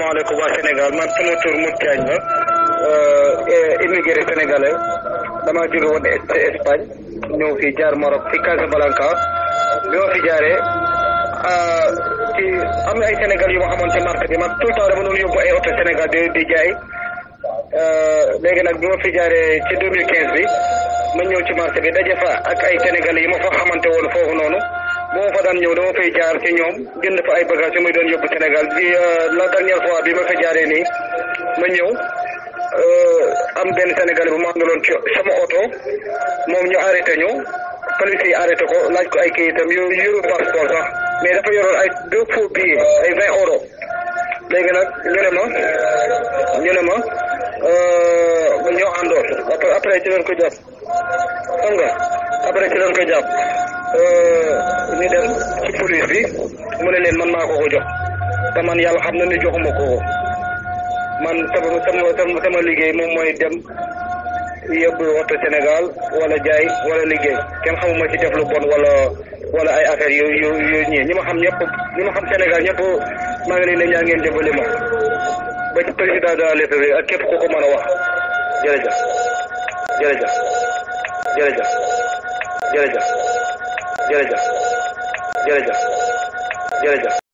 asalaamaaleykum waa Sénégal man sama tur Modou Diagne la euh, immigré sénégalais damaa jóge woon ci Espagne ñëw fii jaar Maroc fi Casablanca bi ma fi jaaree euh, am na ay Sénégal yu ma xamoon ci marché bi man tout le temps dama doon yóbbu ay oto Sénégal di di jaay euh, léegi nag bi ma fi jaaree ci 2015 bi ma ñëw ci marché bi daje fa ak ay Sénégalais yi ma fa xamante woon foofu noonu. bu ma fa daan ñëw dama fay jaar ci ñoom jënd fa ay ma yu may doon yóbbu bi euh, la dernière fois bi ma fa jaaree nii ma ñëw euh, am benn Sénégalais bu ma àndaloon ci sama oto moom ñu arrêté ñëw police yi arrêté ko laaj ko ay kayitam yu yoru passeport sax mais dafa yoroon ay deux faux billets ay vingt euros léegi nag ñu ne ma ñu ne ma euh, ñoo àndoon après ko jàpp xam nga après ko jàpp Euh, ñu dem ci police bi mu ne leen man maa ko ko jox te man yàlla xam na ne joxuma ko ko man sama a liggéey moom mooy dem yóbbu oto Sénégal wala jaay wala liggéey kenn xamuma ci def lu bon wala wala ay affaire yooyu yu yu ñii ñi ma xam ñëpp ñi xam Sénégal ñëpp maa ngi leen ñaa ngeen jëmbale ma ba ci président de la République ak képp ku ko mën a wax jërëjëf jërëjëf jërëjëf jërëjëf jërëjëf jërëjëf